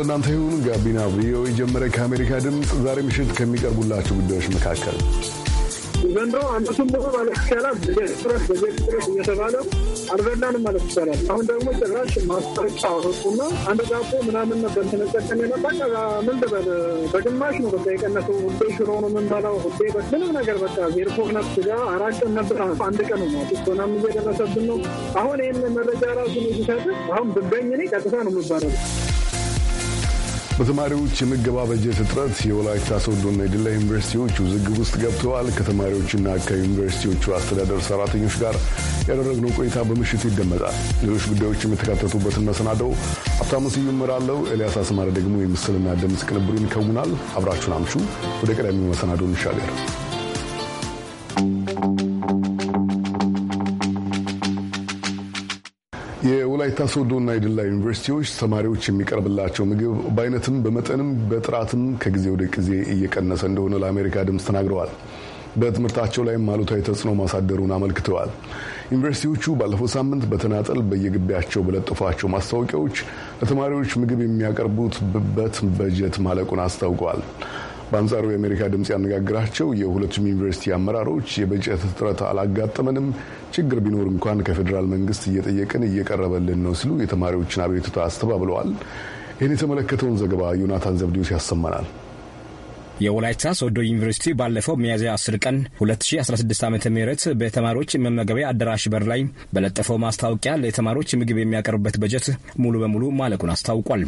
ለእናንተ ይሁን። ጋቢና ቪኦኤ ጀመረ። ከአሜሪካ ድምፅ ዛሬ ምሽት ከሚቀርቡላቸው ጉዳዮች መካከል ዘንድሮ አመቱን ሙሉ ማለት ይቻላል በጀት እጥረት በጀት ጥረት እየተባለ አልበላንም ማለት ይቻላል። አሁን ደግሞ ጭራሽ ማስታወቂያ አወጡና አንድ ዳቦ ምናምን ነበር ተነጠቀን የነበረ ምን ልበል በግማሽ ነው በቃ የቀነሰው። ሁዴ ሽሮ ነው የምንበላው፣ ሁሌ ምንም ነገር በቃ ዜርፎክነት ስጋ አራት ቀን ነበር አንድ ቀን ነው ማለት ኮናም እየደረሰብን ነው። አሁን ይህን መረጃ ራሱ ነው ሲሰጥ አሁን ብገኝ እኔ ቀጥታ ነው የምባረው በተማሪዎች የምገባ በጀት እጥረት የወላይታ ሶዶና የዲላ ዩኒቨርሲቲዎች ውዝግብ ውስጥ ገብተዋል። ከተማሪዎችና ከዩኒቨርሲቲዎቹ አስተዳደር ሰራተኞች ጋር ያደረግነው ቆይታ በምሽቱ ይደመጣል። ሌሎች ጉዳዮች የተካተቱበትን መሰናደው ሀብታሙ ስዩም እመራለሁ። ኤልያስ አስማረ ደግሞ የምስልና ድምፅ ቅንብሩን ይከውናል። አብራችሁን አምሹ። ወደ ቀዳሚው መሰናዶ እንሻገር። የወላይታ ሶዶና የድላ ዩኒቨርሲቲዎች ተማሪዎች የሚቀርብላቸው ምግብ በአይነትም በመጠንም በጥራትም ከጊዜ ወደ ጊዜ እየቀነሰ እንደሆነ ለአሜሪካ ድምፅ ተናግረዋል። በትምህርታቸው ላይም አሉታዊ ተጽዕኖ ማሳደሩን አመልክተዋል። ዩኒቨርሲቲዎቹ ባለፈው ሳምንት በተናጠል በየግቢያቸው በለጠፏቸው ማስታወቂያዎች ለተማሪዎች ምግብ የሚያቀርቡት በት በጀት ማለቁን አስታውቀዋል። በአንጻሩ የአሜሪካ ድምፅ ያነጋግራቸው የሁለቱም ዩኒቨርሲቲ አመራሮች የበጀት እጥረት አላጋጠመንም፣ ችግር ቢኖር እንኳን ከፌዴራል መንግስት እየጠየቅን እየቀረበልን ነው ሲሉ የተማሪዎችን አቤቱታ አስተባብለዋል። ይህን የተመለከተውን ዘገባ ዮናታን ዘብዲዮስ ያሰማናል። የወላይታ ሶዶ ዩኒቨርሲቲ ባለፈው ሚያዝያ 10 ቀን 2016 ዓ ም በተማሪዎች መመገቢያ አዳራሽ በር ላይ በለጠፈው ማስታወቂያ ለተማሪዎች ምግብ የሚያቀርብበት በጀት ሙሉ በሙሉ ማለቁን አስታውቋል።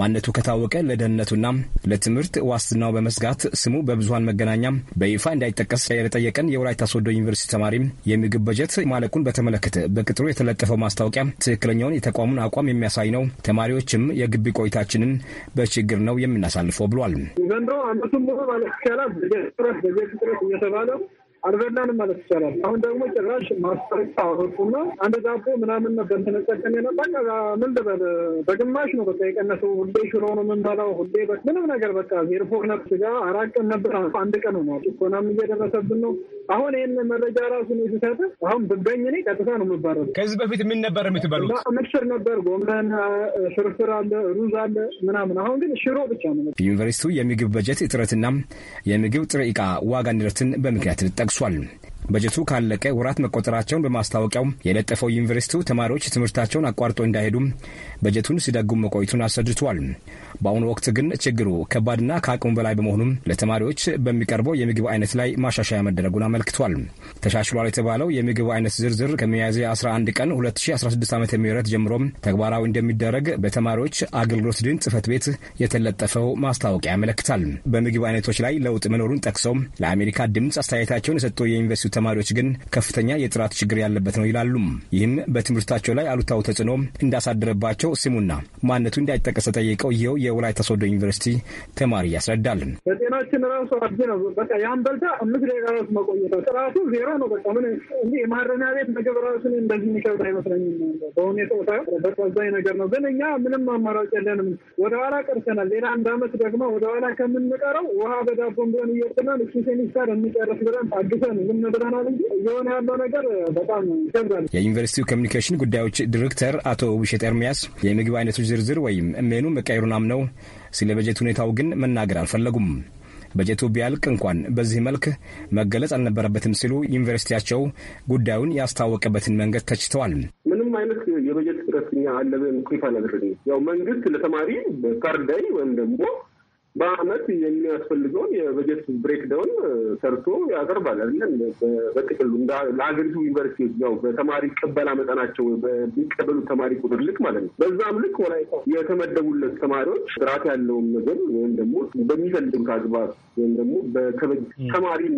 ማንነቱ ከታወቀ ለደህንነቱና ለትምህርት ዋስትናው በመስጋት ስሙ በብዙሀን መገናኛ በይፋ እንዳይጠቀስ የጠየቀን የወላይታ ሶዶ ዩኒቨርሲቲ ተማሪ የምግብ በጀት ማለቁን በተመለከተ በቅጥሩ የተለጠፈው ማስታወቂያ ትክክለኛውን የተቋሙን አቋም የሚያሳይ ነው፣ ተማሪዎችም የግቢ ቆይታችንን በችግር ነው የምናሳልፈው ብሏል። ዘንድሮ አመቱ ሁሉ ማለት ይቻላል በጀት ጥረት በጀት ጥረት እየተባለው አልበላንም ማለት ይቻላል። አሁን ደግሞ ጭራሽ ማስታወቂያ አወጡና አንድ ዳቦ ምናምን ነበር ተነጠቀን የነበረ ምን ልበል በግማሽ ነው በቃ የቀነሰው። ሁሌ ሽሮ ነው የምንበላው፣ ሁሌ ምንም ነገር በቃ ዜርፎር ነብ ስጋ አራት ቀን ነበር አንድ ቀን ነው ማለት ኮናም እየደረሰብን ነው። አሁን ይህን መረጃ ራሱ ነው የተሰጠ። አሁን ብበኝ እኔ ቀጥታ ነው የምባረሩ። ከዚህ በፊት ምን ነበር የምትበሉት? ምክስር ነበር፣ ጎመን፣ ፍርፍር አለ፣ ሩዝ አለ ምናምን። አሁን ግን ሽሮ ብቻ ነው። ዩኒቨርሲቲው የምግብ በጀት እጥረትና የምግብ ጥሬ ዕቃ ዋጋ ንረትን በምክንያት ጠቅሱ sexual. በጀቱ ካለቀ ወራት መቆጠራቸውን በማስታወቂያው የለጠፈው ዩኒቨርሲቲው ተማሪዎች ትምህርታቸውን አቋርጦ እንዳይሄዱ በጀቱን ሲደጉም መቆይቱን አስረድቷል። በአሁኑ ወቅት ግን ችግሩ ከባድና ከአቅሙ በላይ በመሆኑም ለተማሪዎች በሚቀርበው የምግብ አይነት ላይ ማሻሻያ መደረጉን አመልክቷል። ተሻሽሏል የተባለው የምግብ አይነት ዝርዝር ከሚያዝያ 11 ቀን 2016 ዓ ም ጀምሮ ተግባራዊ እንደሚደረግ በተማሪዎች አገልግሎት ድን ጽህፈት ቤት የተለጠፈው ማስታወቂያ ያመለክታል። በምግብ አይነቶች ላይ ለውጥ መኖሩን ጠቅሰው ለአሜሪካ ድምፅ አስተያየታቸውን የሰጡ የዩኒቨርሲቲ ተማሪዎች ግን ከፍተኛ የጥራት ችግር ያለበት ነው ይላሉ። ይህም በትምህርታቸው ላይ አሉታው ተጽዕኖ እንዳሳደረባቸው ስሙና ማንነቱ እንዳይጠቀስ ተጠይቀው ይኸው የወላይታ ሶዶ ዩኒቨርሲቲ ተማሪ ያስረዳል። በጤናችን ራሱ አብዚ ነው። በቃ ያን በልታ አምስት ደቂቃ ራሱ መቆየት ጥራቱ ዜሮ ነው። በቃ ምን እንዲህ የማረሚያ ቤት ምግብ ራሱን እንደዚህ የሚከብድ አይመስለኝም። በሁኔታው ሳ በዛኝ ነገር ነው። ግን እኛ ምንም አማራጭ የለንም። ወደኋላ ቀርተናል። ሌላ አንድ አመት ደግሞ ወደኋላ ከምንቀረው ውሃ በዳቦን ቢሆን እየወጥናል እሱ ሴሚስተር የሚጨርስ ብለን አግሰን ዝም ብለን ይገባናል እንጂ እየሆነ ያለው ነገር በጣም ይገንዛል። የዩኒቨርሲቲው ኮሚኒኬሽን ጉዳዮች ዲሬክተር አቶ ውብሸት ኤርሚያስ የምግብ አይነቶች ዝርዝር ወይም እሜኑ መቀየሩን አምነው ስለ በጀት ሁኔታው ግን መናገር አልፈለጉም። በጀቱ ቢያልቅ እንኳን በዚህ መልክ መገለጽ አልነበረበትም ሲሉ ዩኒቨርሲቲያቸው ጉዳዩን ያስታወቀበትን መንገድ ተችተዋል። ምንም አይነት የበጀት ጥረት እኛ አለ ምክንያት ያው መንግስት ለተማሪ በካርዳይ ወይም ደግሞ በአመት የሚያስፈልገውን የበጀት ብሬክዳውን ሰርቶ ያቀርባል አይደለም። በጥቅሉ ለሀገሪቱ ዩኒቨርሲቲዎች ያው በተማሪ ቅበላ መጠናቸው በሚቀበሉት ተማሪ ቁጥር ልክ ማለት ነው። በዛም ልክ ወላይታ የተመደቡለት ተማሪዎች ጥራት ያለውን ነገር ወይም ደግሞ በሚፈልጉት አግባብ ወይም ደግሞ ተማሪን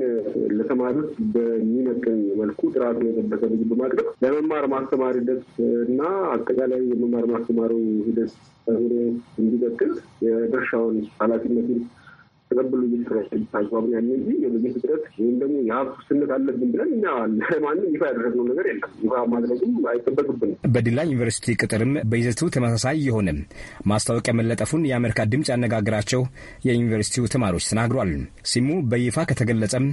ለተማሪዎች በሚመጥን መልኩ ጥራቱ የጠበቀ ምግብ በማቅረብ ለመማር ማስተማር ሂደት እና አጠቃላይ የመማር ማስተማሩ ሂደት ተብሎ እንዲቀጥል የድርሻውን ኃላፊነቱን ተቀብሎ እየሰራ አግባብ ነው ያለ እንጂ የብዙ ፍጥረት ወይም ደግሞ የሀብት ውስንነት አለብን ብለን እኛ ለማንም ይፋ ያደረግነው ነገር የለም። ይፋ ማድረግም አይጠበቅብንም። በዲላ ዩኒቨርሲቲ ቅጥርም በይዘቱ ተመሳሳይ የሆነ ማስታወቂያ መለጠፉን የአሜሪካ ድምፅ ያነጋግራቸው የዩኒቨርሲቲው ተማሪዎች ተናግሯል። ሲሙ በይፋ ከተገለጸም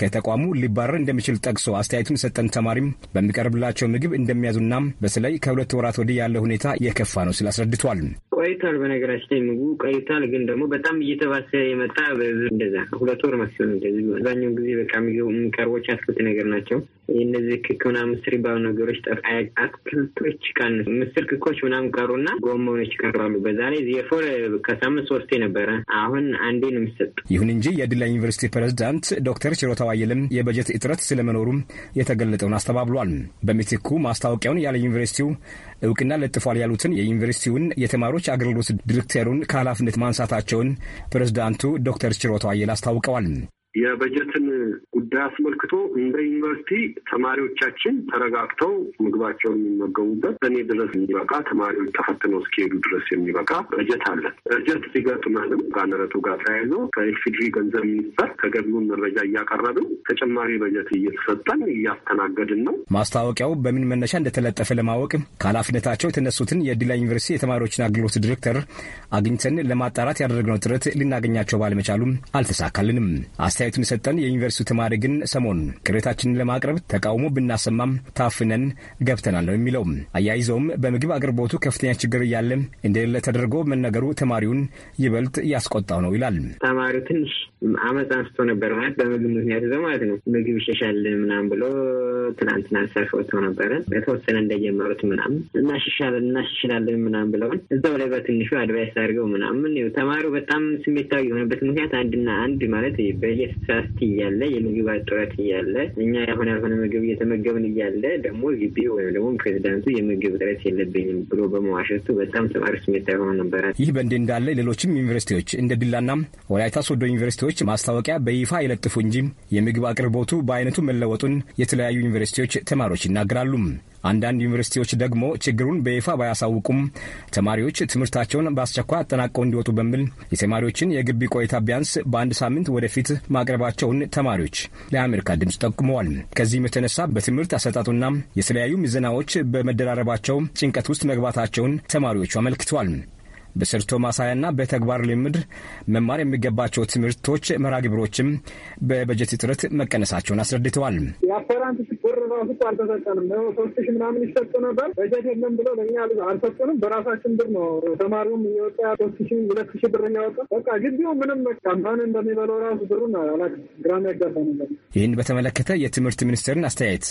ከተቋሙ ሊባረር እንደሚችል ጠቅሶ አስተያየቱን የሰጠን ተማሪም በሚቀርብላቸው ምግብ እንደሚያዙና በተለይ ከሁለት ወራት ወዲህ ያለ ሁኔታ የከፋ ነው ሲል አስረድቷል። ቆይቷል። በነገራችን ምግቡ ቆይቷል፣ ግን ደግሞ በጣም እየተባሰ የመ እንደዛ ሁለት ወር ማክሲመም እንደዚህ አብዛኛውን ጊዜ በቃ የሚቀርቦች አትክልት ነገር ናቸው። የነዚህ ክክ ምናምን ምስር ይባሉ ነገሮች ጠፍ አትክልቶች ቀንሱ። ምስር ክኮች ምናምን ቀሩና ጎመኖች ቀራሉ። በዛ ላይ ዜፎር ከሳምንት ሶስቴ ነበረ፣ አሁን አንዴ ነው የሚሰጡ። ይሁን እንጂ የድላ ዩኒቨርሲቲ ፕሬዚዳንት ዶክተር ችሮታ ዋየልም የበጀት እጥረት ስለመኖሩም የተገለጠውን አስተባብሏል። በምትኩ ማስታወቂያውን ያለ ዩኒቨርሲቲው እውቅና ለጥፏል ያሉትን የዩኒቨርሲቲውን የተማሪዎች አገልግሎት ዲሬክተሩን ከኃላፊነት ማንሳታቸውን ፕሬዚዳንቱ ዶክተር ችሮታ ዋየል አስታውቀዋል። የበጀትን ጉዳይ አስመልክቶ እንደ ዩኒቨርሲቲ ተማሪዎቻችን ተረጋግተው ምግባቸውን የሚመገቡበት በእኔ ድረስ የሚበቃ ተማሪዎች ተፈትነው እስኪሄዱ ድረስ የሚበቃ በጀት አለን። በጀት ሲገጥመንም ከንረቱ ጋር ተያይዞ ከኤልፊድሪ ገንዘብ ሚኒስቴር ተገቢውን መረጃ እያቀረብን ተጨማሪ በጀት እየተሰጠን እያስተናገድን ነው። ማስታወቂያው በምን መነሻ እንደተለጠፈ ለማወቅ ከኃላፊነታቸው የተነሱትን የዲላ ዩኒቨርሲቲ የተማሪዎችን አገልግሎት ዲሬክተር አግኝተን ለማጣራት ያደረግነው ጥረት ልናገኛቸው ባለመቻሉም አልተሳካልንም። አስተያየቱን የሰጠን የዩኒቨርሲቲው ተማሪ ግን ሰሞኑን ቅሬታችንን ለማቅረብ ተቃውሞ ብናሰማም ታፍነን ገብተናል ነው የሚለው። አያይዘውም በምግብ አቅርቦቱ ከፍተኛ ችግር እያለ እንደሌለ ተደርጎ መነገሩ ተማሪውን ይበልጥ እያስቆጣው ነው ይላል። ተማሪው ትንሽ አመፅ አንስቶ ነበር ማለት በምግብ ምክንያት ይዘው ማለት ነው። ምግብ ይሸሻል ምናም ብሎ ትናንትና ሰልፍ ወጥተው ነበረ። በተወሰነ እንደጀመሩት ምናምን እናሽሽላለን ምናም ብለውን እዛው ላይ በትንሹ አድቫይስ አድርገው ምናምን ተማሪው በጣም ስሜታዊ የሆነበት ምክንያት አንድና አንድ ማለት በየ ፈስት እያለ የምግብ እጥረት እያለ እኛ የሆነ ያልሆነ ምግብ እየተመገብን እያለ ደግሞ ግቢ ወይም ደግሞ ፕሬዚዳንቱ የምግብ እጥረት የለብኝም ብሎ በመዋሸቱ በጣም ተማሪ ስሜት የሆኑ ነበረ። ይህ በእንዲህ እንዳለ ሌሎችም ዩኒቨርሲቲዎች እንደ ዲላና ወላይታ ሶዶ ዩኒቨርሲቲዎች ማስታወቂያ በይፋ ይለጥፉ እንጂ የምግብ አቅርቦቱ በአይነቱ መለወጡን የተለያዩ ዩኒቨርሲቲዎች ተማሪዎች ይናገራሉ። አንዳንድ ዩኒቨርሲቲዎች ደግሞ ችግሩን በይፋ ባያሳውቁም ተማሪዎች ትምህርታቸውን በአስቸኳይ አጠናቀው እንዲወጡ በሚል የተማሪዎችን የግቢ ቆይታ ቢያንስ በአንድ ሳምንት ወደፊት ማቅረባቸውን ተማሪዎች ለአሜሪካ ድምፅ ጠቁመዋል። ከዚህም የተነሳ በትምህርት አሰጣጡና የተለያዩ ሚዘናዎች በመደራረባቸው ጭንቀት ውስጥ መግባታቸውን ተማሪዎቹ አመልክተዋል። በስርቶ ማሳያና በተግባር ልምድ መማር የሚገባቸው ትምህርቶች መርሃ ግብሮችም በበጀት እጥረት መቀነሳቸውን አስረድተዋል። የአፈራንት ብር ራሱ አልተሰጠንም። ሶስት ሺህ ምናምን ይሰጡ ነበር። በጀት የለም ብሎ ለእኛ አልሰጡንም። በራሳችን ብር ነው ተማሪውም እየወጣ ሶስት ሺህ ሁለት ሺህ ብር እያወጣ በቃ ግቢው ምንም ካምፓኒ እንደሚበለው ራሱ ብሩን አላ ግራም ያጋባ ነበር። ይህን በተመለከተ የትምህርት ሚኒስቴርን አስተያየት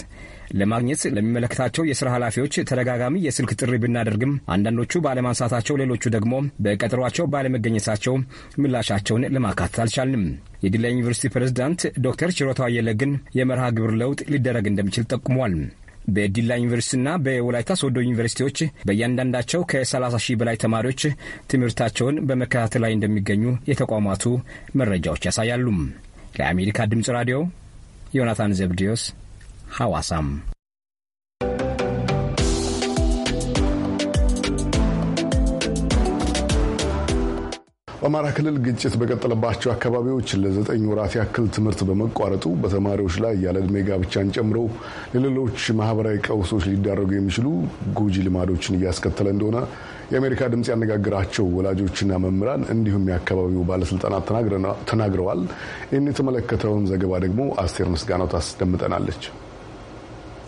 ለማግኘት ለሚመለከታቸው የስራ ኃላፊዎች ተደጋጋሚ የስልክ ጥሪ ብናደርግም አንዳንዶቹ ባለማንሳታቸው፣ ሌሎቹ ደግሞ በቀጠሯቸው ባለመገኘታቸው ምላሻቸውን ለማካተት አልቻልንም። የዲላ ዩኒቨርሲቲ ፕሬዝዳንት ዶክተር ችሮታ አየለ ግን የመርሃ ግብር ለውጥ ሊደረግ እንደሚችል ጠቁሟል። በዲላ ዩኒቨርሲቲና በወላይታ ሶዶ ዩኒቨርሲቲዎች በእያንዳንዳቸው ከ30 ሺህ በላይ ተማሪዎች ትምህርታቸውን በመከታተል ላይ እንደሚገኙ የተቋማቱ መረጃዎች ያሳያሉ። ለአሜሪካ ድምፅ ራዲዮ ዮናታን ዘብዲዮስ ሐዋሳም በአማራ ክልል ግጭት በቀጠለባቸው አካባቢዎች ለዘጠኝ ወራት ያክል ትምህርት በመቋረጡ በተማሪዎች ላይ ያለ ጋብቻን ጨምሮ ለሌሎች ማህበራዊ ቀውሶች ሊዳረጉ የሚችሉ ጎጂ ልማዶችን እያስከተለ እንደሆነ የአሜሪካ ድምፅ ያነጋግራቸው ወላጆችና መምህራን እንዲሁም የአካባቢው ባለስልጣናት ተናግረዋል። ይህን የተመለከተውን ዘገባ ደግሞ አስቴር ምስጋናው ታስደምጠናለች።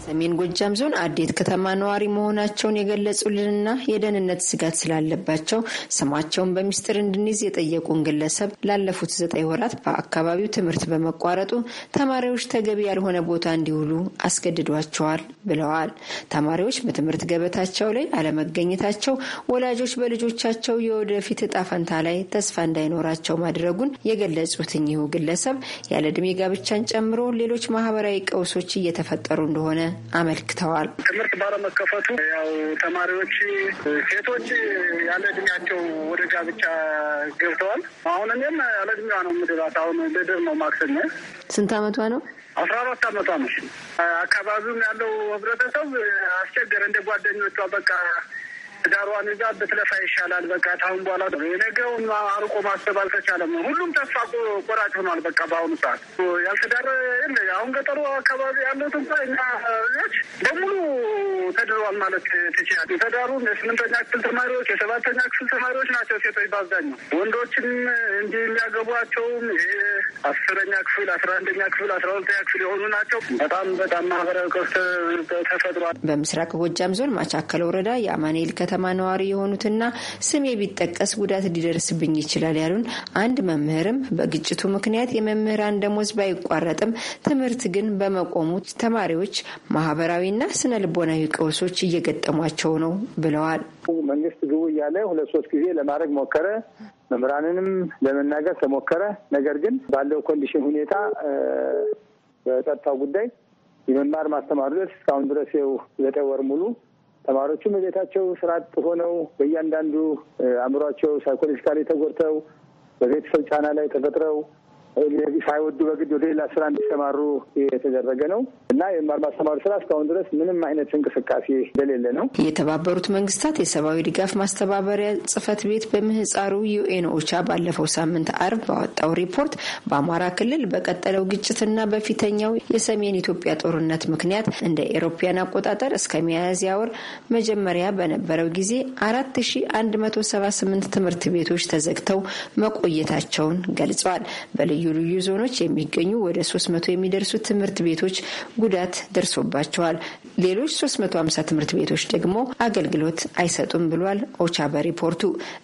ሰሜን ጎጃም ዞን አዴት ከተማ ነዋሪ መሆናቸውን የገለጹልንና የደህንነት ስጋት ስላለባቸው ስማቸውን በሚስጥር እንድንይዝ የጠየቁን ግለሰብ ላለፉት ዘጠኝ ወራት በአካባቢው ትምህርት በመቋረጡ ተማሪዎች ተገቢ ያልሆነ ቦታ እንዲውሉ አስገድዷቸዋል ብለዋል። ተማሪዎች በትምህርት ገበታቸው ላይ አለመገኘታቸው ወላጆች በልጆቻቸው የወደፊት እጣ ፈንታ ላይ ተስፋ እንዳይኖራቸው ማድረጉን የገለጹት እኚሁ ግለሰብ ያለ እድሜ ጋብቻን ጨምሮ ሌሎች ማህበራዊ ቀውሶች እየተፈጠሩ እንደሆነ አመልክተዋል። ትምህርት ባለመከፈቱ ያው ተማሪዎች ሴቶች ያለ እድሜያቸው ወደ ጋብቻ ገብተዋል። አሁን እኔም ያለ እድሜዋ ነው ምድባት አሁን ልድር ነው ማክሰኞ። ስንት አመቷ ነው? አስራ አራት አመቷ ነው። አካባቢውም ያለው ህብረተሰብ አስቸገረ። እንደ ጓደኞቿ በቃ ትዳሯን እዛ ብትለፋ ይሻላል። በቃ ታሁን በኋላ የነገውን አርቆ ማሰብ አልተቻለም። ሁሉም ተስፋ ቆራጭ ሆኗል። በቃ በአሁኑ ሰዓት ያልተዳረ የለ። አሁን ገጠሩ አካባቢ ያሉት እንኳ እኛ ልጆች በሙሉ ተድረዋል ማለት ትችላል። የተዳሩ የስምንተኛ ክፍል ተማሪዎች፣ የሰባተኛ ክፍል ተማሪዎች ናቸው ሴቶች በአብዛኛው። ወንዶችም እንዲህ የሚያገቧቸውም አስረኛ ክፍል፣ አስራ አንደኛ ክፍል፣ አስራ ሁለተኛ ክፍል የሆኑ ናቸው። በጣም በጣም ማህበራዊ ቀውስ ተፈጥሯል። በምስራቅ ጎጃም ዞን ማቻከል ወረዳ የአማኔል ከተማ ከተማ ነዋሪ የሆኑትና ስሜ ቢጠቀስ ጉዳት ሊደርስብኝ ይችላል ያሉን አንድ መምህርም በግጭቱ ምክንያት የመምህራን ደሞዝ ባይቋረጥም ትምህርት ግን በመቆሙ ተማሪዎች ማህበራዊና ስነ ልቦናዊ ቀውሶች እየገጠሟቸው ነው ብለዋል። መንግስት ግቡ እያለ ሁለት ሶስት ጊዜ ለማድረግ ሞከረ። መምህራንንም ለመናገር ተሞከረ። ነገር ግን ባለው ኮንዲሽን ሁኔታ በጸጥታው ጉዳይ የመማር ማስተማር ሂደት እስካሁን ድረስ ው ዘጠኝ ወር ሙሉ ተማሪዎቹም በቤታቸው ስራ አጥ ሆነው በእያንዳንዱ አእምሯቸው ሳይኮሎጂካሊ ተጎድተው በቤተሰብ ጫና ላይ ተፈጥረው ሳይወዱ በግድ ወደ ሌላ ስራ እንዲሰማሩ የተደረገ ነው እና የመማር ማስተማር ስራ እስካሁን ድረስ ምንም አይነት እንቅስቃሴ እንደሌለ ነው። የተባበሩት መንግስታት የሰብአዊ ድጋፍ ማስተባበሪያ ጽህፈት ቤት በምህፃሩ ዩኤን ኦቻ ባለፈው ሳምንት አርብ ባወጣው ሪፖርት በአማራ ክልል በቀጠለው ግጭትና በፊተኛው የሰሜን ኢትዮጵያ ጦርነት ምክንያት እንደ ኤሮፓያን አቆጣጠር እስከ ሚያዝያ ወር መጀመሪያ በነበረው ጊዜ 4178 ትምህርት ቤቶች ተዘግተው መቆየታቸውን ገልጸዋል። በልዩ በልዩ ልዩ ዞኖች የሚገኙ ወደ 300 የሚደርሱ ትምህርት ቤቶች ጉዳት ደርሶባቸዋል። ሌሎች 350 ትምህርት ቤቶች ደግሞ አገልግሎት አይሰጡም ብሏል ኦቻ በሪፖርቱ።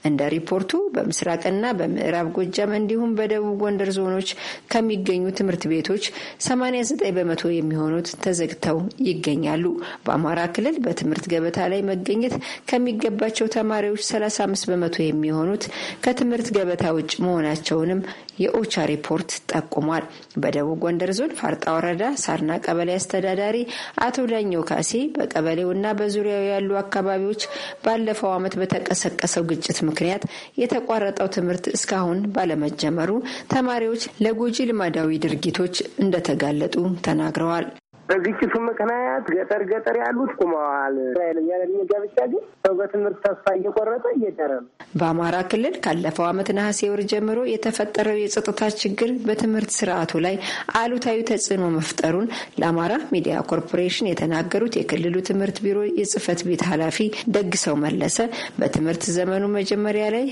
እንደ ሪፖርቱ በምስራቅና በምዕራብ ጎጃም እንዲሁም በደቡብ ጎንደር ዞኖች ከሚገኙ ትምህርት ቤቶች 89 በመቶ የሚሆኑት ተዘግተው ይገኛሉ። በአማራ ክልል በትምህርት ገበታ ላይ መገኘት ከሚገባቸው ተማሪዎች 35 በመቶ የሚሆኑት ከትምህርት ገበታ ውጭ መሆናቸውንም የኦቻ ሪፖርት ጠቁሟል። በደቡብ ጎንደር ዞን ፋርጣ ወረዳ ሳርና ቀበሌ አስተዳዳሪ አቶ ዳኘው ካሴ በቀበሌውና በዙሪያው ያሉ አካባቢዎች ባለፈው ዓመት በተቀሰቀሰው ግጭት ምክንያት የተቋረጠው ትምህርት እስካሁን ባለመጀመሩ ተማሪዎች ለጎጂ ልማዳዊ ድርጊቶች እንደተጋለጡ ተናግረዋል። በግጭቱ ምክንያት ገጠር ገጠር ያሉት ቁመዋል። እስራኤለኛ ጋብቻ ግን ሰው በትምህርት ተስፋ እየቆረጠ እየቀረ ነው። በአማራ ክልል ካለፈው ዓመት ነሐሴ ወር ጀምሮ የተፈጠረው የጸጥታ ችግር በትምህርት ስርዓቱ ላይ አሉታዊ ተጽዕኖ መፍጠሩን ለአማራ ሚዲያ ኮርፖሬሽን የተናገሩት የክልሉ ትምህርት ቢሮ የጽህፈት ቤት ኃላፊ ደግሰው መለሰ በትምህርት ዘመኑ መጀመሪያ ላይ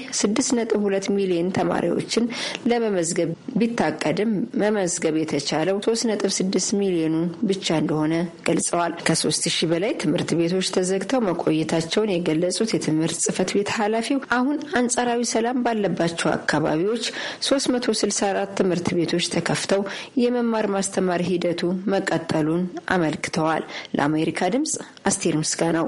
ሁለት ሚሊዮን ተማሪዎችን ለመመዝገብ ቢታቀድም መመዝገብ የተቻለው ስድስት ሚሊዮኑን ብቻ ብቻ እንደሆነ ገልጸዋል። ከሶስት ሺህ በላይ ትምህርት ቤቶች ተዘግተው መቆየታቸውን የገለጹት የትምህርት ጽህፈት ቤት ኃላፊው አሁን አንጻራዊ ሰላም ባለባቸው አካባቢዎች 364 ትምህርት ቤቶች ተከፍተው የመማር ማስተማር ሂደቱ መቀጠሉን አመልክተዋል። ለአሜሪካ ድምጽ አስቴር ነው።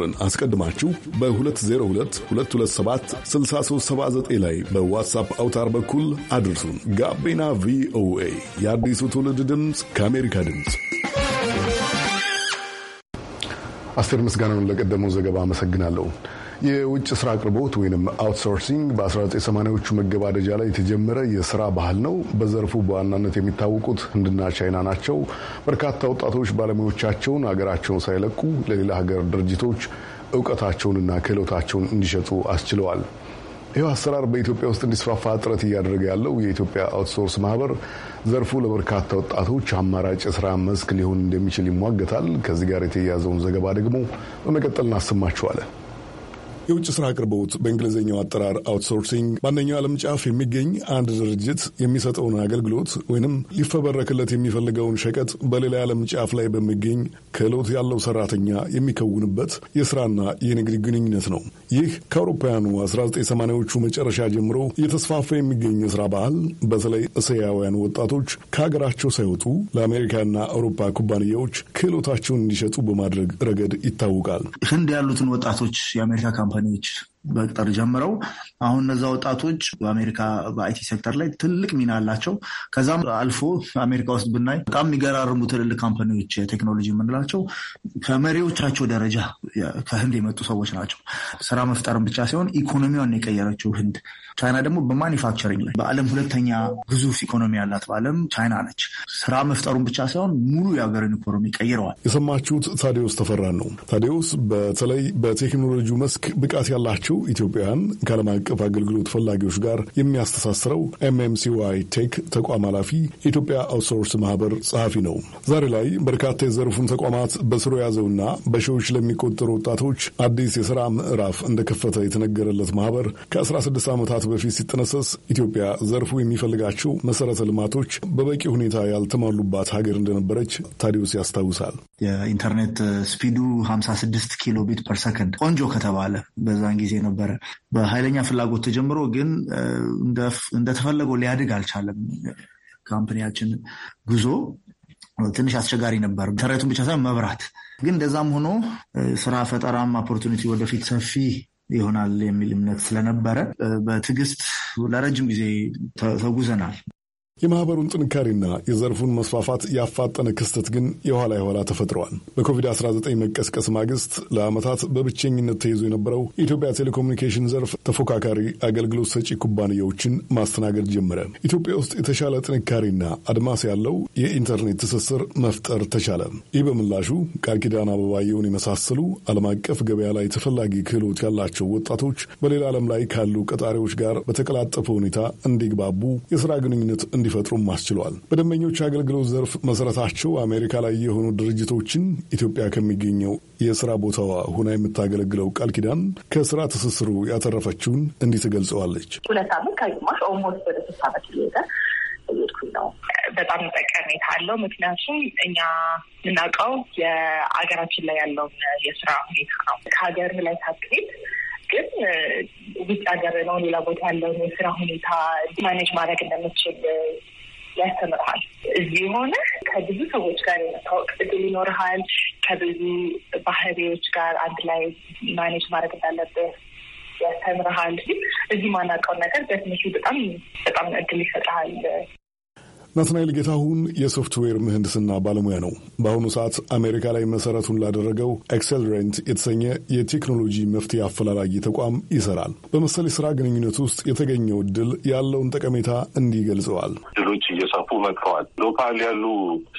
ቁጥርን አስቀድማችሁ በ2022276379 ላይ በዋትሳፕ አውታር በኩል አድርሱን። ጋቢና ቪኦኤ የአዲሱ ትውልድ ድምፅ ከአሜሪካ ድምፅ። አስቴር ምስጋናውን ለቀደመው ዘገባ አመሰግናለሁ። የውጭ ስራ አቅርቦት ወይም አውትሶርሲንግ በ1980ዎቹ መገባደጃ ላይ የተጀመረ የስራ ባህል ነው። በዘርፉ በዋናነት የሚታወቁት ህንድና ቻይና ናቸው። በርካታ ወጣቶች ባለሙያዎቻቸውን ሀገራቸውን ሳይለቁ ለሌላ ሀገር ድርጅቶች እውቀታቸውንና ክህሎታቸውን እንዲሸጡ አስችለዋል። ይህ አሰራር በኢትዮጵያ ውስጥ እንዲስፋፋ ጥረት እያደረገ ያለው የኢትዮጵያ አውትሶርስ ማህበር ዘርፉ ለበርካታ ወጣቶች አማራጭ የስራ መስክ ሊሆን እንደሚችል ይሟገታል። ከዚህ ጋር የተያያዘውን ዘገባ ደግሞ በመቀጠል እናሰማችኋለን። የውጭ ስራ አቅርቦት በእንግሊዝኛው አጠራር አውትሶርሲንግ በአንደኛው ዓለም ጫፍ የሚገኝ አንድ ድርጅት የሚሰጠውን አገልግሎት ወይንም ሊፈበረክለት የሚፈልገውን ሸቀጥ በሌላ የዓለም ጫፍ ላይ በሚገኝ ክህሎት ያለው ሰራተኛ የሚከውንበት የስራና የንግድ ግንኙነት ነው። ይህ ከአውሮፓውያኑ 1980ዎቹ መጨረሻ ጀምሮ እየተስፋፋ የሚገኝ የስራ ባህል በተለይ እስያውያን ወጣቶች ከሀገራቸው ሳይወጡ ለአሜሪካና አውሮፓ ኩባንያዎች ክህሎታቸውን እንዲሸጡ በማድረግ ረገድ ይታወቃል። ህንድ ያሉትን ወጣቶች የአሜሪካ ካምፓ noite መቅጠር ጀምረው አሁን እነዛ ወጣቶች በአሜሪካ በአይቲ ሴክተር ላይ ትልቅ ሚና አላቸው። ከዛም አልፎ አሜሪካ ውስጥ ብናይ በጣም የሚገራርሙ ትልልቅ ካምፓኒዎች ቴክኖሎጂ የምንላቸው ከመሪዎቻቸው ደረጃ ከህንድ የመጡ ሰዎች ናቸው። ስራ መፍጠርን ብቻ ሳይሆን ኢኮኖሚዋን የቀየረችው ህንድ። ቻይና ደግሞ በማኒፋክቸሪንግ ላይ በዓለም ሁለተኛ ግዙፍ ኢኮኖሚ ያላት በዓለም ቻይና ነች። ስራ መፍጠሩን ብቻ ሳይሆን ሙሉ የሀገርን ኢኮኖሚ ቀይረዋል። የሰማችሁት ታዲዮስ ተፈራን ነው። ታዲዮስ በተለይ በቴክኖሎጂ መስክ ብቃት ያላቸው ያላቸው ኢትዮጵያውያን ከዓለም አቀፍ አገልግሎት ፈላጊዎች ጋር የሚያስተሳስረው ኤምኤምሲዋይ ቴክ ተቋም ኃላፊ የኢትዮጵያ አውትሶርስ ማህበር ጸሐፊ ነው። ዛሬ ላይ በርካታ የዘርፉን ተቋማት በስሩ የያዘውና በሺዎች ለሚቆጠሩ ወጣቶች አዲስ የስራ ምዕራፍ እንደከፈተ የተነገረለት ማህበር ከ16 ዓመታት በፊት ሲጠነሰስ ኢትዮጵያ ዘርፉ የሚፈልጋቸው መሰረተ ልማቶች በበቂ ሁኔታ ያልተሟሉባት ሀገር እንደነበረች ታዲዮስ ያስታውሳል። የኢንተርኔት ስፒዱ 56 ኪሎ ቢት ፐር ሰከንድ ቆንጆ ከተባለ በዛን ጊዜ ነበረ። በኃይለኛ ፍላጎት ተጀምሮ ግን እንደተፈለገው ሊያድግ አልቻለም። ካምፕኒያችን ጉዞ ትንሽ አስቸጋሪ ነበር። ተረቱን ብቻ ሳይሆን መብራት ግን እንደዛም ሆኖ ስራ ፈጠራም ኦፖርቱኒቲ ወደፊት ሰፊ ይሆናል የሚል እምነት ስለነበረ በትዕግስት ለረጅም ጊዜ ተጉዘናል። የማህበሩን ጥንካሬና የዘርፉን መስፋፋት ያፋጠነ ክስተት ግን የኋላ የኋላ ተፈጥረዋል። በኮቪድ-19 መቀስቀስ ማግስት ለዓመታት በብቸኝነት ተይዞ የነበረው የኢትዮጵያ ቴሌኮሙኒኬሽን ዘርፍ ተፎካካሪ አገልግሎት ሰጪ ኩባንያዎችን ማስተናገድ ጀመረ። ኢትዮጵያ ውስጥ የተሻለ ጥንካሬና አድማስ ያለው የኢንተርኔት ትስስር መፍጠር ተቻለ። ይህ በምላሹ ቃል ኪዳን አበባየውን የመሳሰሉ ዓለም አቀፍ ገበያ ላይ ተፈላጊ ክህሎት ያላቸው ወጣቶች በሌላ ዓለም ላይ ካሉ ቀጣሪዎች ጋር በተቀላጠፈ ሁኔታ እንዲግባቡ የሥራ ግንኙነት እንዲ እንዲፈጥሩም አስችሏል። በደንበኞች አገልግሎት ዘርፍ መሰረታቸው አሜሪካ ላይ የሆኑ ድርጅቶችን ኢትዮጵያ ከሚገኘው የስራ ቦታዋ ሆና የምታገለግለው ቃል ኪዳን ከስራ ትስስሩ ያተረፈችውን እንዲህ ትገልጸዋለች። ሁለት ዓመት ከግማሽ ወደ ስት ነው። በጣም ጠቀሜታ አለው። ምክንያቱም እኛ የምናውቀው የአገራችን ላይ ያለውን የስራ ሁኔታ ነው። ከሀገር ላይ ሳትሄድ ግን ውጭ ሀገር ነው ሌላ ቦታ ያለውን የስራ ሁኔታ ማኔጅ ማድረግ እንደምችል ያስተምርሃል። እዚህ የሆነ ከብዙ ሰዎች ጋር የመታወቅ እድል ይኖርሃል። ከብዙ ባህሪዎች ጋር አንድ ላይ ማኔጅ ማድረግ እንዳለብህ ያስተምርሃል። እዚህ ማናውቀው ነገር በትንሹ በጣም በጣም እድል ይሰጥሃል። ናትናኤል ጌታሁን የሶፍትዌር ምህንድስና ባለሙያ ነው። በአሁኑ ሰዓት አሜሪካ ላይ መሰረቱን ላደረገው ኤክሰለሬንት የተሰኘ የቴክኖሎጂ መፍትሄ አፈላላጊ ተቋም ይሰራል። በመሰል የስራ ግንኙነት ውስጥ የተገኘው እድል ያለውን ጠቀሜታ እንዲህ ገልጸዋል። ድሎች እየሰፉ መጥተዋል። ሎካል ያሉ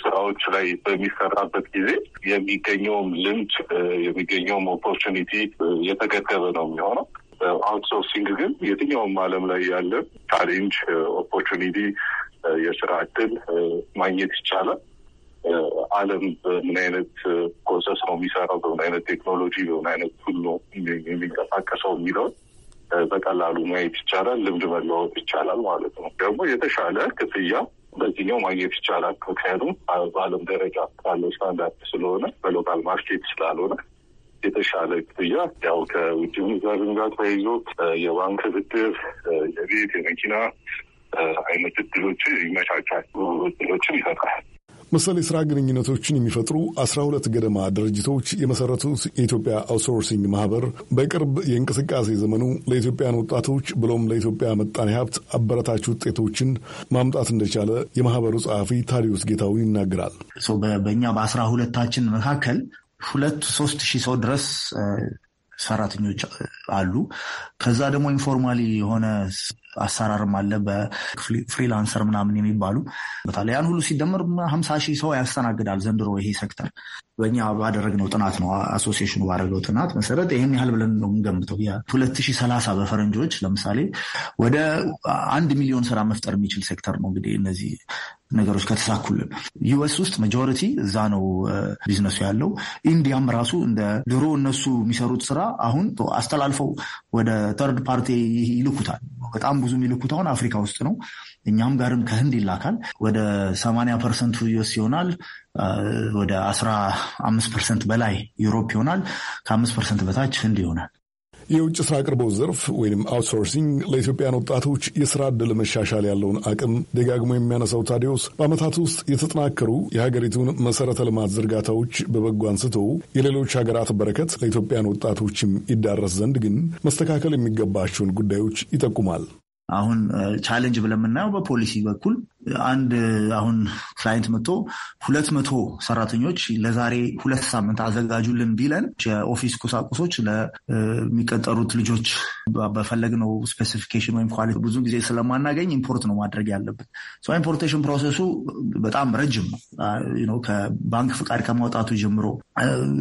ስራዎች ላይ በሚሰራበት ጊዜ የሚገኘውም ልምድ የሚገኘውም ኦፖርቹኒቲ የተገደበ ነው የሚሆነው አውትሶርሲንግ ግን የትኛውም ዓለም ላይ ያለ ቻሌንጅ ኦፖርቹኒቲ የስራ እድል ማግኘት ይቻላል። ዓለም በምን አይነት ፕሮሰስ ነው የሚሰራው፣ በምን አይነት ቴክኖሎጂ፣ በምን አይነት ሁሉ የሚንቀሳቀሰው የሚለውን በቀላሉ ማየት ይቻላል። ልምድ መለወጥ ይቻላል ማለት ነው። ደግሞ የተሻለ ክፍያ በዚህኛው ማግኘት ይቻላል። ምክንያቱም በዓለም ደረጃ ካለው ስታንዳርድ ስለሆነ በሎካል ማርኬት ስላልሆነ የተሻለ ክፍያ ያው ከውጭ ምንዛሪ ጋር ተያይዞ የባንክ ብድር፣ የቤት፣ የመኪና አይነት እድሎች ይመቻቻል፣ እድሎችም ይፈጥራል። መሰል የስራ ግንኙነቶችን የሚፈጥሩ አስራ ሁለት ገደማ ድርጅቶች የመሰረቱት የኢትዮጵያ አውትሶርሲንግ ማህበር በቅርብ የእንቅስቃሴ ዘመኑ ለኢትዮጵያን ወጣቶች ብሎም ለኢትዮጵያ መጣኔ ሀብት አበረታች ውጤቶችን ማምጣት እንደቻለ የማህበሩ ጸሐፊ ታዲዮስ ጌታው ይናገራል። በእኛ በአስራ ሁለታችን መካከል ሁለት ሶስት ሺህ ሰው ድረስ ሰራተኞች አሉ። ከዛ ደግሞ ኢንፎርማሊ የሆነ አሰራርም አለ በፍሪላንሰር ምናምን የሚባሉ በታዲያ ያን ሁሉ ሲደመር ሀምሳ ሺህ ሰው ያስተናግዳል ዘንድሮ ይሄ ሴክተር። በእኛ ባደረግነው ጥናት ነው አሶሲሽኑ ባደረገው ጥናት መሰረት ይህን ያህል ብለን ነው የምንገምተው። ሁለት ሺህ ሰላሳ በፈረንጆች ለምሳሌ ወደ አንድ ሚሊዮን ስራ መፍጠር የሚችል ሴክተር ነው እንግዲህ እነዚህ ነገሮች ከተሳኩልን ዩኤስ ውስጥ መጆሪቲ እዛ ነው ቢዝነሱ ያለው። ኢንዲያም ራሱ እንደ ድሮ እነሱ የሚሰሩት ስራ አሁን አስተላልፈው ወደ ተርድ ፓርቲ ይልኩታል። በጣም ብዙ የሚልኩት አሁን አፍሪካ ውስጥ ነው። እኛም ጋርም ከህንድ ይላካል። ወደ ሰማንያ ፐርሰንቱ ዩኤስ ይሆናል። ወደ 15 ፐርሰንት በላይ ዩሮፕ ይሆናል። ከአምስት ፐርሰንት በታች ህንድ ይሆናል። የውጭ ስራ አቅርቦት ዘርፍ ወይም አውትሶርሲንግ ለኢትዮጵያን ወጣቶች የስራ ዕድል መሻሻል ያለውን አቅም ደጋግሞ የሚያነሳው ታዲዮስ በአመታት ውስጥ የተጠናከሩ የሀገሪቱን መሰረተ ልማት ዝርጋታዎች በበጎ አንስቶ የሌሎች ሀገራት በረከት ለኢትዮጵያን ወጣቶችም ይዳረስ ዘንድ ግን መስተካከል የሚገባቸውን ጉዳዮች ይጠቁማል። አሁን ቻሌንጅ ብለን የምናየው በፖሊሲ በኩል አንድ አሁን ክላይንት መጥቶ ሁለት መቶ ሰራተኞች ለዛሬ ሁለት ሳምንት አዘጋጁልን ቢለን የኦፊስ ቁሳቁሶች ለሚቀጠሩት ልጆች በፈለግነው ስፔሲፊኬሽን ወይም ኳሊቲ ብዙ ጊዜ ስለማናገኝ ኢምፖርት ነው ማድረግ ያለብን። ኢምፖርቴሽን ፕሮሰሱ በጣም ረጅም ነው። ከባንክ ፍቃድ ከማውጣቱ ጀምሮ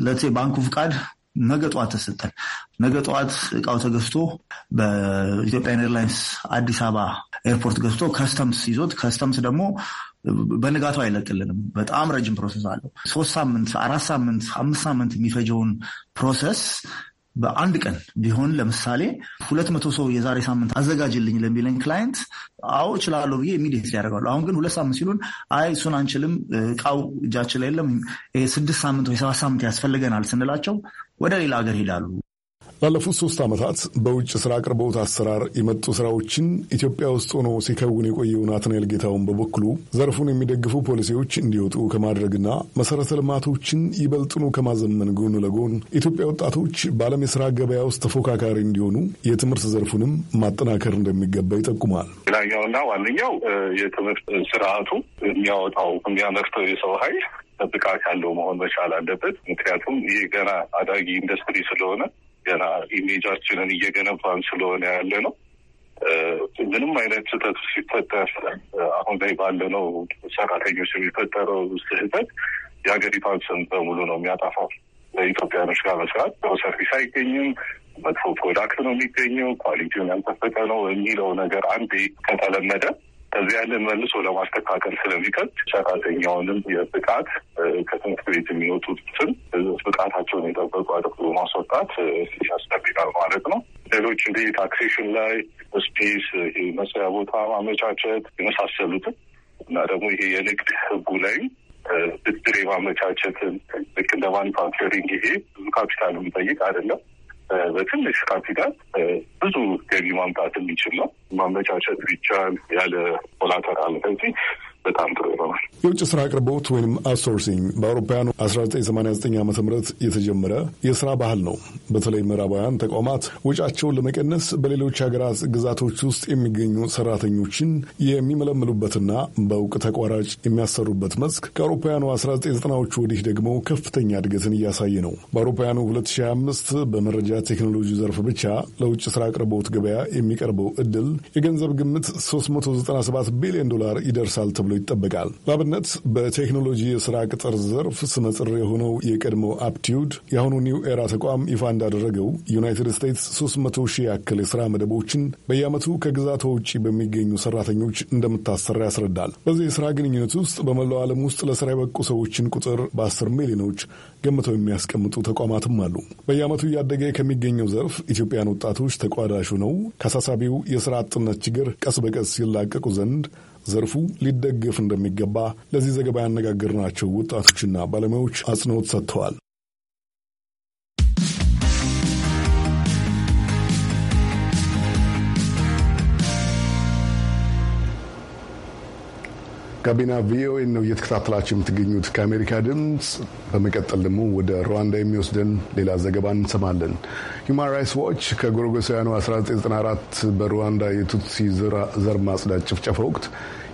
ለ ባንኩ ፍቃድ ነገ ጠዋት ተሰጠን። ነገ ጠዋት እቃው ተገዝቶ በኢትዮጵያ ኤርላይንስ አዲስ አበባ ኤርፖርት ገዝቶ ከስተምስ ይዞት ከስተምስ ደግሞ በንጋቱ አይለቅልንም። በጣም ረጅም ፕሮሰስ አለው። ሶስት ሳምንት፣ አራት ሳምንት፣ አምስት ሳምንት የሚፈጀውን ፕሮሰስ በአንድ ቀን ቢሆን ለምሳሌ ሁለት መቶ ሰው የዛሬ ሳምንት አዘጋጅልኝ ለሚለን ክላይንት አዎ እችላለሁ ብዬ ኢሚዲየትሊ ያደርጋሉ። አሁን ግን ሁለት ሳምንት ሲሉን አይ እሱን አንችልም፣ እቃው እጃችን ላይ የለም፣ ስድስት ሳምንት ወይ ሰባት ሳምንት ያስፈልገናል ስንላቸው ወደ ሌላ ሀገር ይሄዳሉ። ላለፉት ሶስት ዓመታት በውጭ ስራ አቅርቦት አሰራር የመጡ ስራዎችን ኢትዮጵያ ውስጥ ሆኖ ሲከውን የቆየው ናትናኤል ጌታውን በበኩሉ ዘርፉን የሚደግፉ ፖሊሲዎች እንዲወጡ ከማድረግና መሰረተ ልማቶችን ይበልጥኑ ከማዘመን ጎን ለጎን ኢትዮጵያ ወጣቶች በዓለም የስራ ገበያ ውስጥ ተፎካካሪ እንዲሆኑ የትምህርት ዘርፉንም ማጠናከር እንደሚገባ ይጠቁማል። ሌላኛውና ዋነኛው የትምህርት ስርዓቱ የሚያወጣው የሚያመርተው የሰው ኃይል ብቃት ያለው መሆን መቻል አለበት። ምክንያቱም ይህ ገና አዳጊ ኢንዱስትሪ ስለሆነ ገና ኢሜጃችንን እየገነባን ስለሆነ ያለ ነው። ምንም አይነት ስህተት ሲፈጠር አሁን ላይ ባለነው ሰራተኞች የሚፈጠረው ስህተት የሀገሪቷን ስም በሙሉ ነው የሚያጠፋው። ለኢትዮጵያኖች ጋር መስራት ጥሩ ሰርቪስ አይገኝም፣ መጥፎ ፕሮዳክት ነው የሚገኘው፣ ኳሊቲውን ያልጠበቀ ነው የሚለው ነገር አንዴ ከተለመደ ከዚህ ያለ መልሶ ለማስተካከል ስለሚቀጥ ሰራተኛውንም የብቃት ከትምህርት ቤት የሚወጡትን ብቃታቸውን የጠበቁ አድርጎ ማስወጣት ያስጠብቃል ማለት ነው። ሌሎች እንዲህ ታክሴሽን ላይ ስፔስ መስሪያ ቦታ ማመቻቸት የመሳሰሉትን እና ደግሞ ይሄ የንግድ ህጉ ላይ ብድር የማመቻቸትን ልክ እንደ ማኒፋክቸሪንግ ይሄ ብዙ ካፒታል የሚጠይቅ አይደለም። በትንሽ ካፒታል ብዙ ገቢ ማምጣት የሚችል ነው። ማመቻቸት ቢቻል ያለ ኮላተራል በጣም ጥሩ ይሆናል። የውጭ ስራ አቅርቦት ወይም አውትሶርሲንግ በአውሮፓውያኑ 1989 ዓ ም የተጀመረ የስራ ባህል ነው። በተለይ ምዕራባውያን ተቋማት ወጪያቸውን ለመቀነስ በሌሎች ሀገራት ግዛቶች ውስጥ የሚገኙ ሰራተኞችን የሚመለምሉበትና በእውቅ ተቋራጭ የሚያሰሩበት መስክ ከአውሮፓውያኑ 1990ዎቹ ወዲህ ደግሞ ከፍተኛ እድገትን እያሳየ ነው። በአውሮፓውያኑ 2025 በመረጃ ቴክኖሎጂ ዘርፍ ብቻ ለውጭ ስራ አቅርቦት ገበያ የሚቀርበው እድል የገንዘብ ግምት 397 ቢሊዮን ዶላር ይደርሳል ተብሎ ተብሎ ይጠበቃል። ለአብነት በቴክኖሎጂ የስራ ቅጥር ዘርፍ ስመጥር የሆነው የቀድሞ አፕቲዩድ የአሁኑ ኒው ኤራ ተቋም ይፋ እንዳደረገው ዩናይትድ ስቴትስ 300 ሺህ ያክል የስራ መደቦችን በየዓመቱ ከግዛቷ ውጭ በሚገኙ ሰራተኞች እንደምታሰራ ያስረዳል። በዚህ የስራ ግንኙነት ውስጥ በመላው ዓለም ውስጥ ለስራ የበቁ ሰዎችን ቁጥር በ በ10 ሚሊዮኖች ገምተው የሚያስቀምጡ ተቋማትም አሉ። በየአመቱ እያደገ ከሚገኘው ዘርፍ ኢትዮጵያን ወጣቶች ተቋዳሹ ነው ከአሳሳቢው የስራ አጥነት ችግር ቀስ በቀስ ይላቀቁ ዘንድ ዘርፉ ሊደገፍ እንደሚገባ ለዚህ ዘገባ ያነጋገርናቸው ወጣቶችና ባለሙያዎች አጽንኦት ሰጥተዋል። ጋቢና ቪኦኤ ነው እየተከታተላችሁ የምትገኙት ከአሜሪካ ድምፅ። በመቀጠል ደግሞ ወደ ሩዋንዳ የሚወስደን ሌላ ዘገባ እንሰማለን። ሁማን ራይትስ ዋች ከጎርጎሳውያኑ 1994 በሩዋንዳ የቱትሲ ዘር ማጽዳት ጭፍጨፋ ወቅት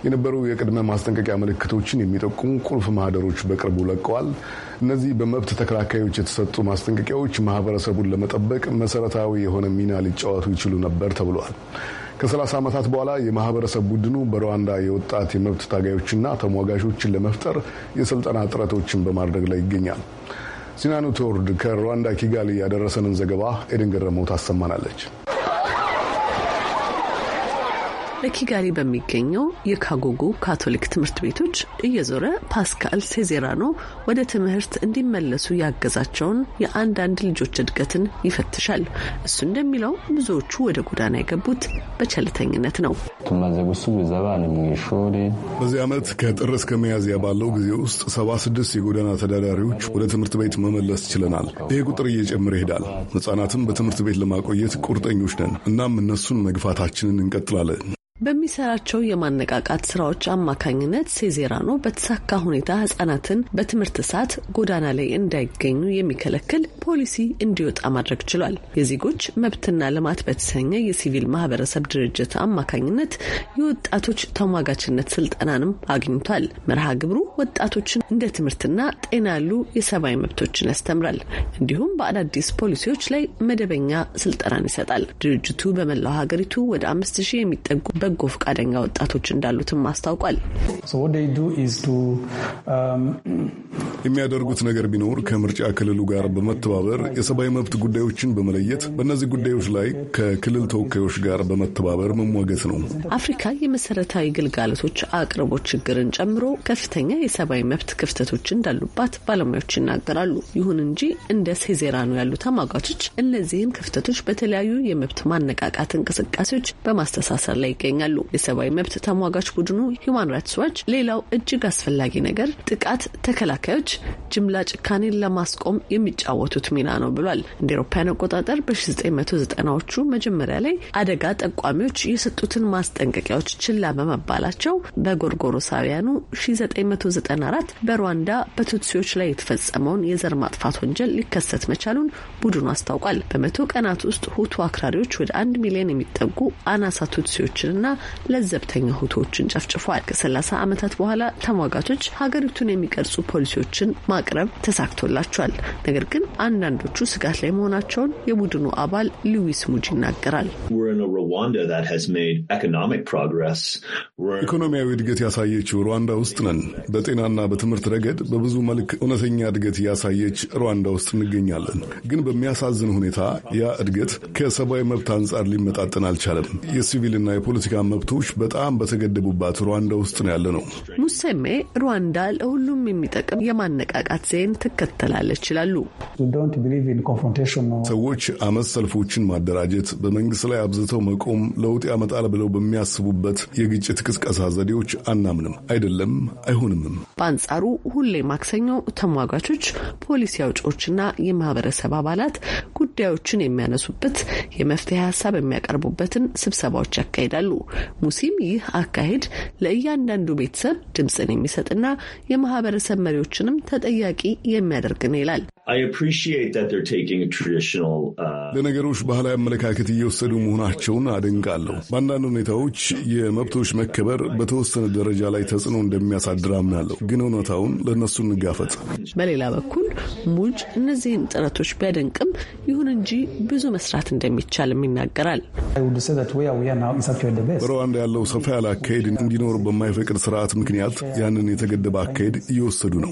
የነበሩ የቅድመ ማስጠንቀቂያ ምልክቶችን የሚጠቁሙ ቁልፍ ማህደሮች በቅርቡ ለቀዋል። እነዚህ በመብት ተከላካዮች የተሰጡ ማስጠንቀቂያዎች ማህበረሰቡን ለመጠበቅ መሰረታዊ የሆነ ሚና ሊጫወቱ ይችሉ ነበር ተብሏል። ከ30 ዓመታት በኋላ የማህበረሰብ ቡድኑ በሩዋንዳ የወጣት የመብት ታጋዮችና ተሟጋሾችን ለመፍጠር የስልጠና ጥረቶችን በማድረግ ላይ ይገኛል። ሲናኑ ቶርድ ከሩዋንዳ ኪጋሊ ያደረሰንን ዘገባ ኤደን ገረመው ታሰማናለች። በኪጋሊ በሚገኘው የካጎጎ ካቶሊክ ትምህርት ቤቶች እየዞረ ፓስካል ሴዜራኖ ወደ ትምህርት እንዲመለሱ ያገዛቸውን የአንዳንድ ልጆች እድገትን ይፈትሻል። እሱ እንደሚለው ብዙዎቹ ወደ ጎዳና የገቡት በቸልተኝነት ነው። በዚህ ዓመት ከጥር እስከ መያዝያ ባለው ጊዜ ውስጥ 76 የጎዳና ተዳዳሪዎች ወደ ትምህርት ቤት መመለስ ችለናል። ይህ ቁጥር እየጨመረ ይሄዳል። ሕጻናትም በትምህርት ቤት ለማቆየት ቁርጠኞች ነን። እናም እነሱን መግፋታችንን እንቀጥላለን። በሚሰራቸው የማነቃቃት ስራዎች አማካኝነት ሴዜራኖ በተሳካ ሁኔታ ህጻናትን በትምህርት እሳት ጎዳና ላይ እንዳይገኙ የሚከለክል ፖሊሲ እንዲወጣ ማድረግ ችሏል። የዜጎች መብትና ልማት በተሰኘ የሲቪል ማህበረሰብ ድርጅት አማካኝነት የወጣቶች ተሟጋችነት ስልጠናንም አግኝቷል። መርሃ ግብሩ ወጣቶችን እንደ ትምህርትና ጤና ያሉ የሰብአዊ መብቶችን ያስተምራል። እንዲሁም በአዳዲስ ፖሊሲዎች ላይ መደበኛ ስልጠናን ይሰጣል። ድርጅቱ በመላው ሀገሪቱ ወደ አምስት ሺህ የሚጠጉ በጎ ፈቃደኛ ወጣቶች እንዳሉትም አስታውቋል። um, የሚያደርጉት ነገር ቢኖር ከምርጫ ክልሉ ጋር በመተባበር የሰብአዊ መብት ጉዳዮችን በመለየት በእነዚህ ጉዳዮች ላይ ከክልል ተወካዮች ጋር በመተባበር መሟገት ነው። አፍሪካ የመሰረታዊ ግልጋሎቶች አቅርቦት ችግርን ጨምሮ ከፍተኛ የሰብአዊ መብት ክፍተቶች እንዳሉባት ባለሙያዎች ይናገራሉ። ይሁን እንጂ እንደ ሴዜራኑ ያሉ ተሟጋቾች እነዚህን ክፍተቶች በተለያዩ የመብት ማነቃቃት እንቅስቃሴዎች በማስተሳሰር ላይ ይገኛል። ይገኛሉ። የሰብአዊ መብት ተሟጋች ቡድኑ ሂዩማን ራይትስ ዋች ሌላው እጅግ አስፈላጊ ነገር ጥቃት ተከላካዮች ጅምላ ጭካኔን ለማስቆም የሚጫወቱት ሚና ነው ብሏል። እንደ አውሮፓውያን አቆጣጠር በ1990ዎቹ መጀመሪያ ላይ አደጋ ጠቋሚዎች የሰጡትን ማስጠንቀቂያዎች ችላ በመባላቸው በጎርጎሮሳውያኑ 1994 በሩዋንዳ በቱትሲዎች ላይ የተፈጸመውን የዘር ማጥፋት ወንጀል ሊከሰት መቻሉን ቡድኑ አስታውቋል። በመቶ ቀናት ውስጥ ሁቱ አክራሪዎች ወደ አንድ ሚሊዮን የሚጠጉ አናሳ ቱትሲዎችንና ለዘብተኛ ሁቶዎችን ጨፍጭፏል። ከሰላሳ ዓመታት በኋላ ተሟጋቾች ሀገሪቱን የሚቀርጹ ፖሊሲዎችን ማቅረብ ተሳክቶላቸዋል። ነገር ግን አንዳንዶቹ ስጋት ላይ መሆናቸውን የቡድኑ አባል ሉዊስ ሙጅ ይናገራል። ኢኮኖሚያዊ እድገት ያሳየችው ሩዋንዳ ውስጥ ነን። በጤናና በትምህርት ረገድ በብዙ መልክ እውነተኛ እድገት ያሳየች ሩዋንዳ ውስጥ እንገኛለን። ግን በሚያሳዝን ሁኔታ ያ እድገት ከሰብአዊ መብት አንጻር ሊመጣጠን አልቻለም። የሲቪልና የፖለቲካ መብቶች በጣም በተገደቡባት ሩዋንዳ ውስጥ ነው ያለ ነው። ሙሴሜ ሩዋንዳ ለሁሉም የሚጠቅም የማነቃቃት ዘይን ትከተላለች ይላሉ። ሰዎች አመት ሰልፎችን ማደራጀት፣ በመንግስት ላይ አብዝተው መቆም ለውጥ ያመጣል ብለው በሚያስቡበት የግጭት ቅስቀሳ ዘዴዎች አናምንም። አይደለም፣ አይሆንምም። በአንጻሩ ሁሌ ማክሰኞ ተሟጋቾች፣ ፖሊሲ አውጪዎችና የማህበረሰብ አባላት ጉዳዮችን የሚያነሱበት የመፍትሄ ሀሳብ የሚያቀርቡበትን ስብሰባዎች ያካሂዳሉ። ሙሲም ይህ አካሄድ ለእያንዳንዱ ቤተሰብ ድምፅን የሚሰጥና የማህበረሰብ መሪዎችንም ተጠያቂ የሚያደርግ ነው ይላል። uh, ለነገሮች ባህላዊ አመለካከት እየወሰዱ መሆናቸውን አደንቃለሁ። በአንዳንድ ሁኔታዎች የመብቶች መከበር በተወሰነ ደረጃ ላይ ተጽዕኖ እንደሚያሳድር አምናለሁ፣ ግን እውነታውን ለእነሱ እንጋፈጥ። በሌላ በኩል ሙጅ እነዚህን ጥረቶች ቢያደንቅም ይሁን እንጂ ብዙ መስራት እንደሚቻልም ይናገራል። በሩዋንዳ ያለው ሰፋ ያለ አካሄድ እንዲኖር በማይፈቅድ ስርዓት ምክንያት ያንን የተገደበ አካሄድ እየወሰዱ ነው።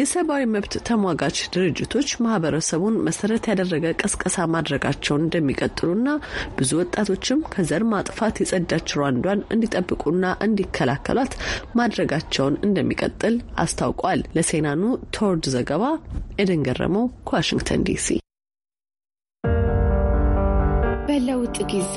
የሰብአዊ መብት ተሟጋች ድርጅቶች ማህበረሰቡን መሰረት ያደረገ ቀስቀሳ ማድረጋቸውን እንደሚቀጥሉና ብዙ ወጣቶችም ከዘር ማጥፋት የጸዳች ሩዋንዷን እንዲጠብቁና እንዲከላከሏት ማድረጋቸውን እንደሚቀጥል አስታውቋል። ለሴናኑ ቶርድ ዘገባ ኤደን ገረመው ከዋሽንግተን ዲሲ። በለውጥ ጊዜ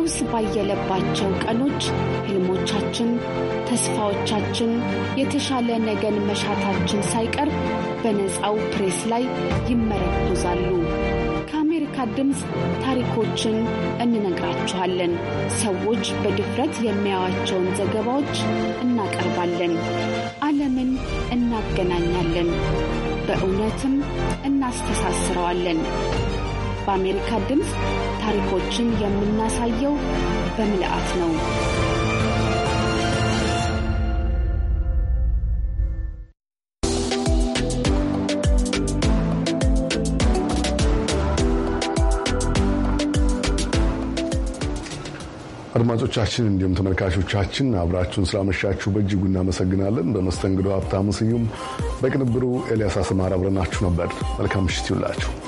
ቀውስ ባየለባቸው ቀኖች ሕልሞቻችን፣ ተስፋዎቻችን፣ የተሻለ ነገን መሻታችን ሳይቀር በነፃው ፕሬስ ላይ ይመረኮዛሉ። ከአሜሪካ ድምፅ ታሪኮችን እንነግራችኋለን። ሰዎች በድፍረት የሚያዩዋቸውን ዘገባዎች እናቀርባለን። ዓለምን እናገናኛለን፣ በእውነትም እናስተሳስረዋለን። በአሜሪካ ድምፅ ታሪኮችን የምናሳየው በምልአት ነው። አድማጮቻችን እንዲሁም ተመልካቾቻችን አብራችሁን ስላመሻችሁ በእጅጉ እናመሰግናለን። በመስተንግዶ ሀብታሙ ስዩም፣ በቅንብሩ ኤልያስ አስማር አብረናችሁ ነበር። መልካም ምሽት ይውላችሁ።